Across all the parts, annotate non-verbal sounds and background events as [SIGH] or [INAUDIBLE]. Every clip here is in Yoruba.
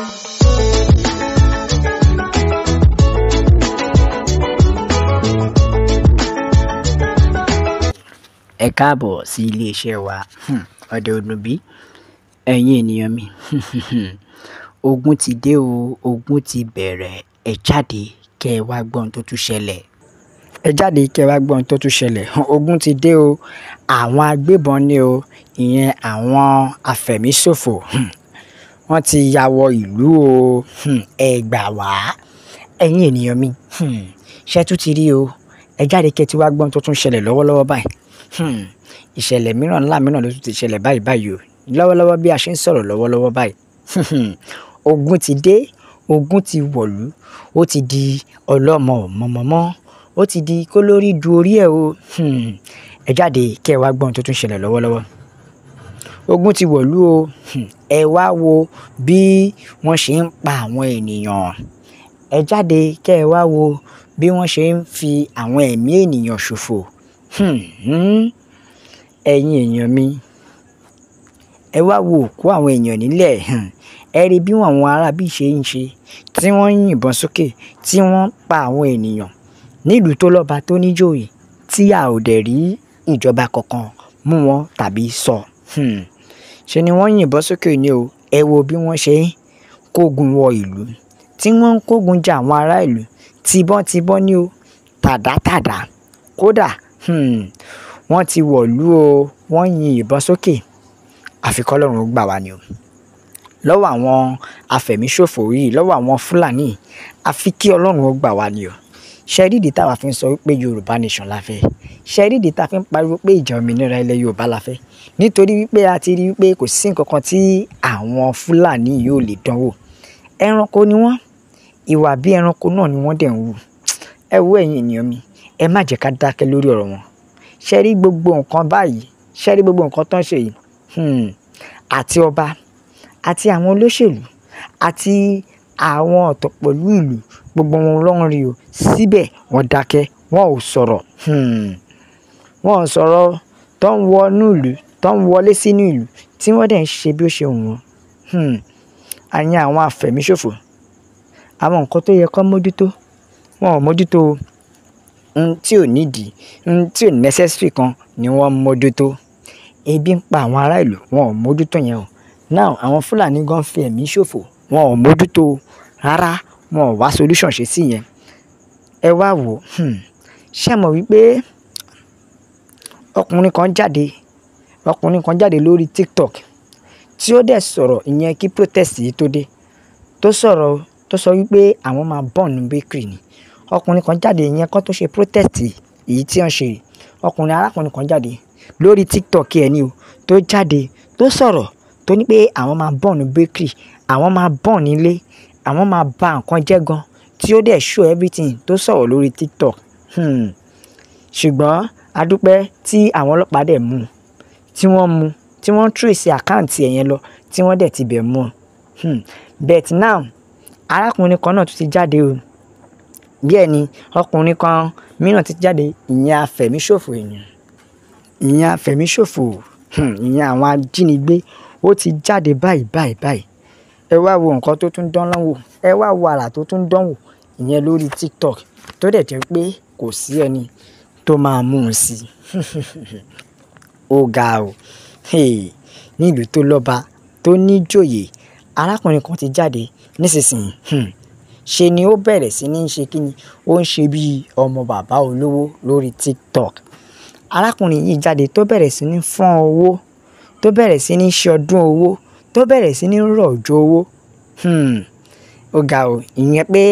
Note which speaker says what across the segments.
Speaker 1: Ẹ káàbọ̀ sí ilé iṣẹ́ wa um Ọdẹ ẹ̀yin ènìyàn mi [LAUGHS] ogun ti dé o ogun ti bẹ̀rẹ̀ ẹ jáde kẹ́ ẹ wá gbọ́ ohun tó tún ṣẹlẹ̀ ẹ jáde kí wá gbọ́ tó tún ṣẹlẹ̀ [LAUGHS] ogun ti dé o àwọn agbébọn ni o ìyẹn àwọn afẹ̀míṣòfò hmm, wọ́n ti ya wọ ìlú o hmm, ẹ gbà wá ẹ̀yin ènìyàn mi hmm, ṣe tún ti rí o ẹ jáde kẹ́ ti wá gbọ́n tó tún ṣẹlẹ̀ lọ́wọ́lọ́wọ́ báyìí hmm, ìṣẹ̀lẹ̀ mìíràn ńlá mìíràn ló tún ti ṣẹlẹ̀ báyìí báyìí o lọ́wọ́lọ́wọ́ bí a ṣe ń sọ̀rọ̀ lọ́wọ́lọ́wọ́ báyìí ogun ti dé ogun ti wọ̀lú ó ti di ọlọ́mọ mọ̀mọ́mọ́ ó ti di kólórí du orí ẹ̀ o ẹ jáde kẹ́ wá gbọ́n tó tún ṣẹlẹ̀ lọ́wọ́lọ́wọ́ ogun ti wọ̀lú o. Hmm, ẹ wá wo bí wọ́n ṣe ń pa àwọn ènìyàn. Ẹ jáde kí ẹ wá wo bí wọ́n ṣe ń fi àwọn ẹ̀mí ènìyàn ṣòfò. Hmm, hmm. Ẹ̀yin èèyàn mi, ẹ wá wo òkú àwọn èèyàn nílẹ̀. Ẹ rí bí àwọn ará ṣe ń ṣe, tí wọ́n ń yìnbọn sókè, tí wọ́n pa àwọn ènìyàn nílùú tó lọ́ba tó níjòyè tí a ò dẹ̀ rí ìjọba kankan mú wọn tàbí sọ ṣe ni wọ́n yìnbọn sókè ni o ẹ wo bí wọ́n ṣe ń kógun wọ ìlú tí wọ́n ń kógun ja àwọn ará ìlú tibọ́ntibọ́n ni o tàdátàdá kódà hmm, wọ́n ti wọ̀lú o wọ́n yin sókè àfi gbà wá ni o lọ́wọ́ àwọn afẹ̀míṣòfò yìí lọ́wọ́ àwọn fúlàní àfi kí ọlọ́run ó gbà wá ni o ṣẹ́ríìdì táwa fi ń sọ wípé yorùbá nation la fẹ́ ṣẹ́ríìdì tá a fi ń pariwo pé ìjà òmìnira ilẹ̀ yorùbá la fẹ́ nítorí wípé a ti rí wípé kò sí nǹkan kan tí àwọn Fúlàní yìí ò lè dánwò ẹranko ni wọ́n ìwà bí ẹranko náà ni wọ́n dẹ̀ ń wù ẹ wo ẹ̀yin ènìyàn mi ẹ má jẹ́ ká dákẹ́ lórí ọ̀rọ̀ wọn ṣe rí gbogbo nǹkan báyìí ṣe rí gbogbo nǹkan tó ń ṣe yìí hmm. àti ọba àti àwọn olóṣèlú àti àwọn ọ̀tọ̀ pẹ̀lú ìlú gbogbo wọn lọ́n rí o síbẹ̀ wọ́n dákẹ́ wọn ò sọ̀rọ̀ hmm. wọn ò sọ̀rọ̀ tó ń wọnú ìlú tó ń wọlé sínú ìlú tí wọ́n dẹ̀ ń ṣe bí ó ṣe wù wọ́n àyàn hmm. àwọn àfẹ̀míṣòfò àwọn nǹkan tó yẹ kó mójútó wọn ò mójútó ohun tí ò nídìí ohun tí ò necessary kan ni wọ́n mójútó ebi ń pa àwọn ará ìlú wọn ò mójútó yẹn o now àwọn Fúlàní gan fi ẹ̀mí ṣòfò wọn ò mójútó rárá wọn ò wá solution ṣe sí yẹn ẹ wá wò hmm. ṣé mọ̀ wípé ọkùnrin kan jáde ọkùnrin kan jáde lórí TikTok tí ó dẹ̀ sọ̀rọ̀ ìyẹn kí protest yìí tó dé tó sọ̀rọ̀ tó sọ wípé àwọn máa burn bakery ni ọkùnrin kan jáde ìyẹn kan tó ṣe protest èyí tí wọ́n ṣe ọkùnrin arákùnrin kan jáde lórí TikTok ẹ̀ ni o tó jáde tó sọ̀rọ̀ tó ní pé àwọn máa burn bakery àwọn máa burn nílé àwọn máa ba nǹkan jẹ́ gan tí ó dẹ̀ show everything tó sọ̀rọ̀ lórí TikTok hmm. ṣùgbọ́n a dúpẹ́ tí àwọn ọlọ́pàá dẹ̀ mú un tí wọ́n mú tí wọ́n trace àkáǹtì ẹ̀ yẹn lọ tí wọ́n dẹ̀ ti bẹ̀ mú un hmm. but now arákùnrin kan náà tún ti jáde o bí ẹni ọkùnrin kan mìíràn ti jáde ìyẹn afẹ̀míṣòfò èèyàn ìyẹn afẹ̀míṣòfò hmm, ìyẹn àwọn ajínigbé ó ti jáde báyìí báyìí báyìí ẹ wá wo nǹkan tó tún dán wò ẹ wá wo àrà tó tún dán wò ìyẹn lórí TikTok tó dẹ̀ jẹ́ pé kò sí ẹni tó máa mú un sí i [LAUGHS] ó ga o. Ní ìlú tó lọ́ba, tó ní ìjòyè, arákùnrin kan ti jáde nísinsìnyí. Hmm. Ṣé ni ó bẹ̀rẹ̀ sí ní ṣe kíni, ó ń ṣe bí ọmọ bàbá olówó lórí TikTok. Arákùnrin yìí jáde tó bẹ̀rẹ̀ sí ní fọ́n owó, tó bẹ̀rẹ̀ sí ní ṣe ọdún owó, tó bẹ̀rẹ̀ sí ní rọ̀jò owó. Hmm. Ó ga o. Ìyẹn pé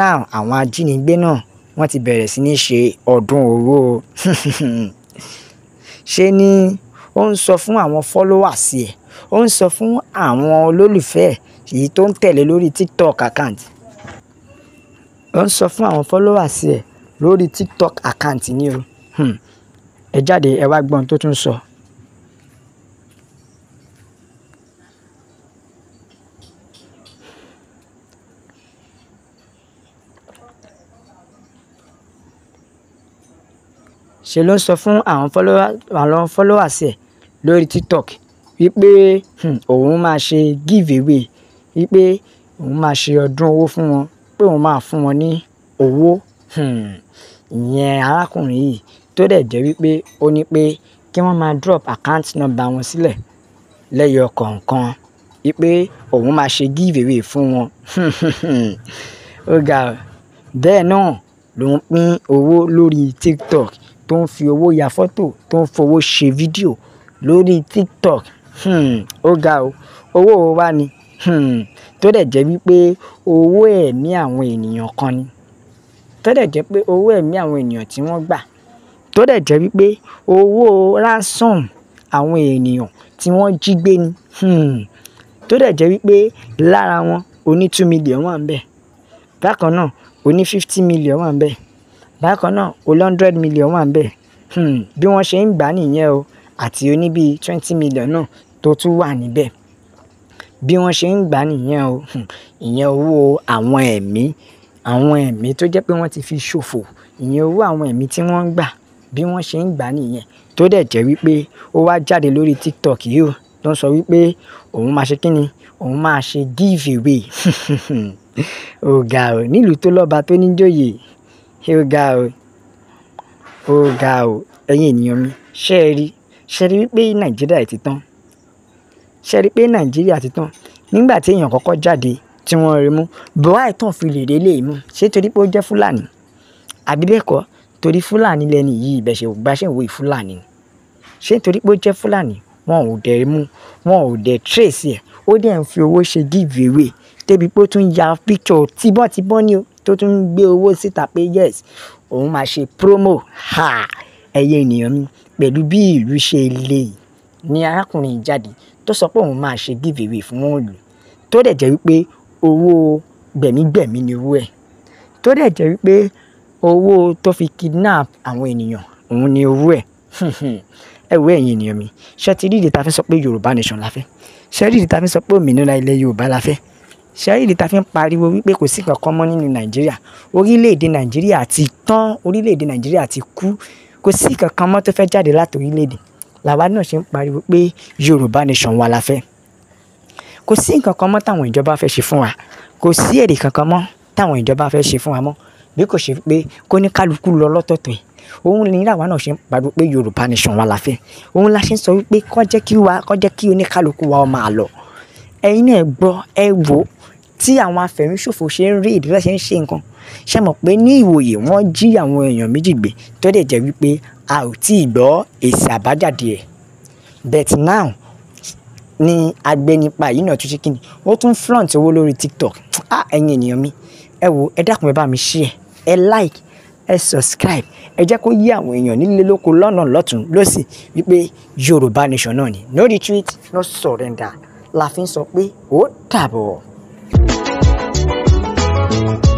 Speaker 1: now àwọn ajínigbé náà wọ́n ti bẹ̀rẹ̀ sí ní ṣe ọdún owó [LAUGHS] ṣe ni ó ń sọ fún àwọn followers ẹ̀, ó ń sọ fún àwọn olólùfẹ́ ẹ̀ èyí tó ń tẹ̀lé lórí TikTok account. Ó ń sọ fún àwọn followers ẹ̀ lórí TikTok account ni o. Hmm. Ẹ jáde, ẹ wá gbọ́ ohun tó tún ń sọ. ṣe ló ń sọ fún àwọn àwọn followers ẹ̀ lórí tiktok wípé hmm, òun máa ṣe give away wípé òun máa ṣe ọdún owó fún wọn pé òun máa fún wọn ní owó hmm, ìyẹn arákùnrin yìí tó dẹ̀ jẹ́ wípé ó ní pé kí wọ́n máa drop account number wọn sílẹ̀ lẹ́yọ kọ̀ọ̀kan wípé òun máa ṣe give away fún wọn [LAUGHS] ó ga bẹ́ẹ̀ náà ló ń pín owó lórí tiktok tó ń fi owó ya fọ́tò, tó ń fowó ṣe fídíò lórí TikTok. Hmm, ó ga o. Owó wo wá ni? Hmm, tó dẹ̀ jẹ́ wípé owó ẹ̀mí àwọn ènìyàn kan ni. Tó dẹ̀ jẹ́ pé owó ẹ̀mí àwọn ènìyàn tí wọ́n gbà. Tó dẹ̀ jẹ́ wípé owó ransom àwọn ènìyàn tí wọ́n jí gbé ni. Hmm, tó dẹ̀ jẹ́ wípé lára wọn oní two million wà níbẹ̀. Bákan náà oní fifty million wà níbẹ̀ bákan náà hundred million wà níbẹ̀ um bí wọ́n ṣe ń gbà nìyẹn o àti oní bíi twenty million náà tó tún wà níbẹ̀ bí wọ́n ṣe ń gbà nìyẹn o um ìyẹn owó àwọn ẹ̀mí àwọn ẹ̀mí tó jẹ́ pé wọ́n ti fi ṣòfò ìyẹn owó àwọn ẹ̀mí tí wọ́n ń gbà bí wọ́n ṣe ń gbà á nìyẹn tó dẹ̀ jẹ́ wípé ó wá jáde lórí tiktok yìí o ló ń sọ wípé òun máa ṣe kíni òun máa ṣe give away [LAUGHS] ó nílùú tó lọ́ba tó níjòyè Ó ga o. Ó ga o. Ẹ̀yin ènìyàn mi, ṣé ẹ rí? Ṣé ẹ rí wípé Nàìjíríà yìí ti tán? Ṣé ẹ rí pé Nàìjíríà ti tán? Nígbà tí èèyàn kọ́kọ́ jáde tí wọ́n rí mú, Buhari tán fi lè rí eléyìí mú. Ṣé torí pé ó jẹ́ Fúlàní? Àbí bẹ́ẹ̀ kọ́? Torí Fúlàní lẹni yìí, bẹ́ẹ̀ ṣe bá ṣe ń wo yìí Ṣé torí pé ó jẹ́ Fúlàní? Wọn ò dẹ̀ rí mú, wọn ò dẹ̀ trace ẹ̀. Ó dẹ̀ ń fi owó ṣe give away. Débi pé ó tún ya picture tibọ́tibọ́ ni o tó tún ń gbé owó síta pé yes òun máa ṣe promo ha ẹyẹ ènìyàn mi pẹ̀lú bí ìlú ṣe le ni arákùnrin jáde tó sọ pé òun máa ṣe giveaway fún wọn lò tó dẹ̀ jẹ́ wípé owó gbẹ̀mígbẹ̀mí ni owó ẹ̀ tó dẹ̀ jẹ́ wípé owó tó fi kidnap àwọn ènìyàn òun ni owó ẹ̀ [LAUGHS] ẹ wo ẹ̀yin ènìyàn mi ṣé ti rí ìdí tá a sọ pé Yorùbá nation la fẹ́ ṣé rí ìdí tá a fẹ́ sọ pé òmìnira ilẹ̀ Yorùbá la fẹ́ ṣẹ́rìdì ta fi ń pariwo wípé kò sí kankan mọ́ nínú nàìjíríà orílẹ̀-èdè nàìjíríà ti tán orílẹ̀-èdè nàìjíríà ti kú kò sí kankan mọ́ tó fẹ́ jáde láti orílẹ̀-èdè làwa náà ṣe ń pariwo pé yorùbá nation wa la fẹ́ kò sí nǹkan kan mọ́ táwọn ìjọba fẹ́ ṣe fún wa kò sí èrè kankan mọ́ táwọn ìjọba fẹ́ ṣe fún wa mọ́ bí kò ṣe pé kó ní kálukú lọ lọ́tọ̀ọ̀tọ̀ yìí òun ni làwa náà ṣe ń pariwo pé yorùbá nation wa la òun la ṣe ń sọ wípé kó jẹ́ kí oníkálukú wa ó máa ẹ̀yin náà gbọ́ ẹ wò ó tí àwọn afẹ̀míṣòfò ṣe ń rí ìdílé ṣe ń ṣe nǹkan ṣe mọ̀ pé ní ìwòye wọ́n jí àwọn èèyàn méjì gbé tó dẹ̀ jẹ́ wípé a ò tí ì gbọ́ èsì àbájáde ẹ̀ but now ni agbẹnipa yìí náà tún ṣe kíni ó tún flaunt owó lórí tiktok ah ẹ̀yin ènìyàn mi ẹ wo ẹ dákun ẹ bá mi share ẹ like ẹ subscribe ẹ jẹ́ kó yí àwọn èèyàn nílé lóko lọ́nà lọ́tún lọ́sì wípé yorùbá nation náà ni no retreat no surrender la fi ń sọ pé ó dàbọ̀. thank you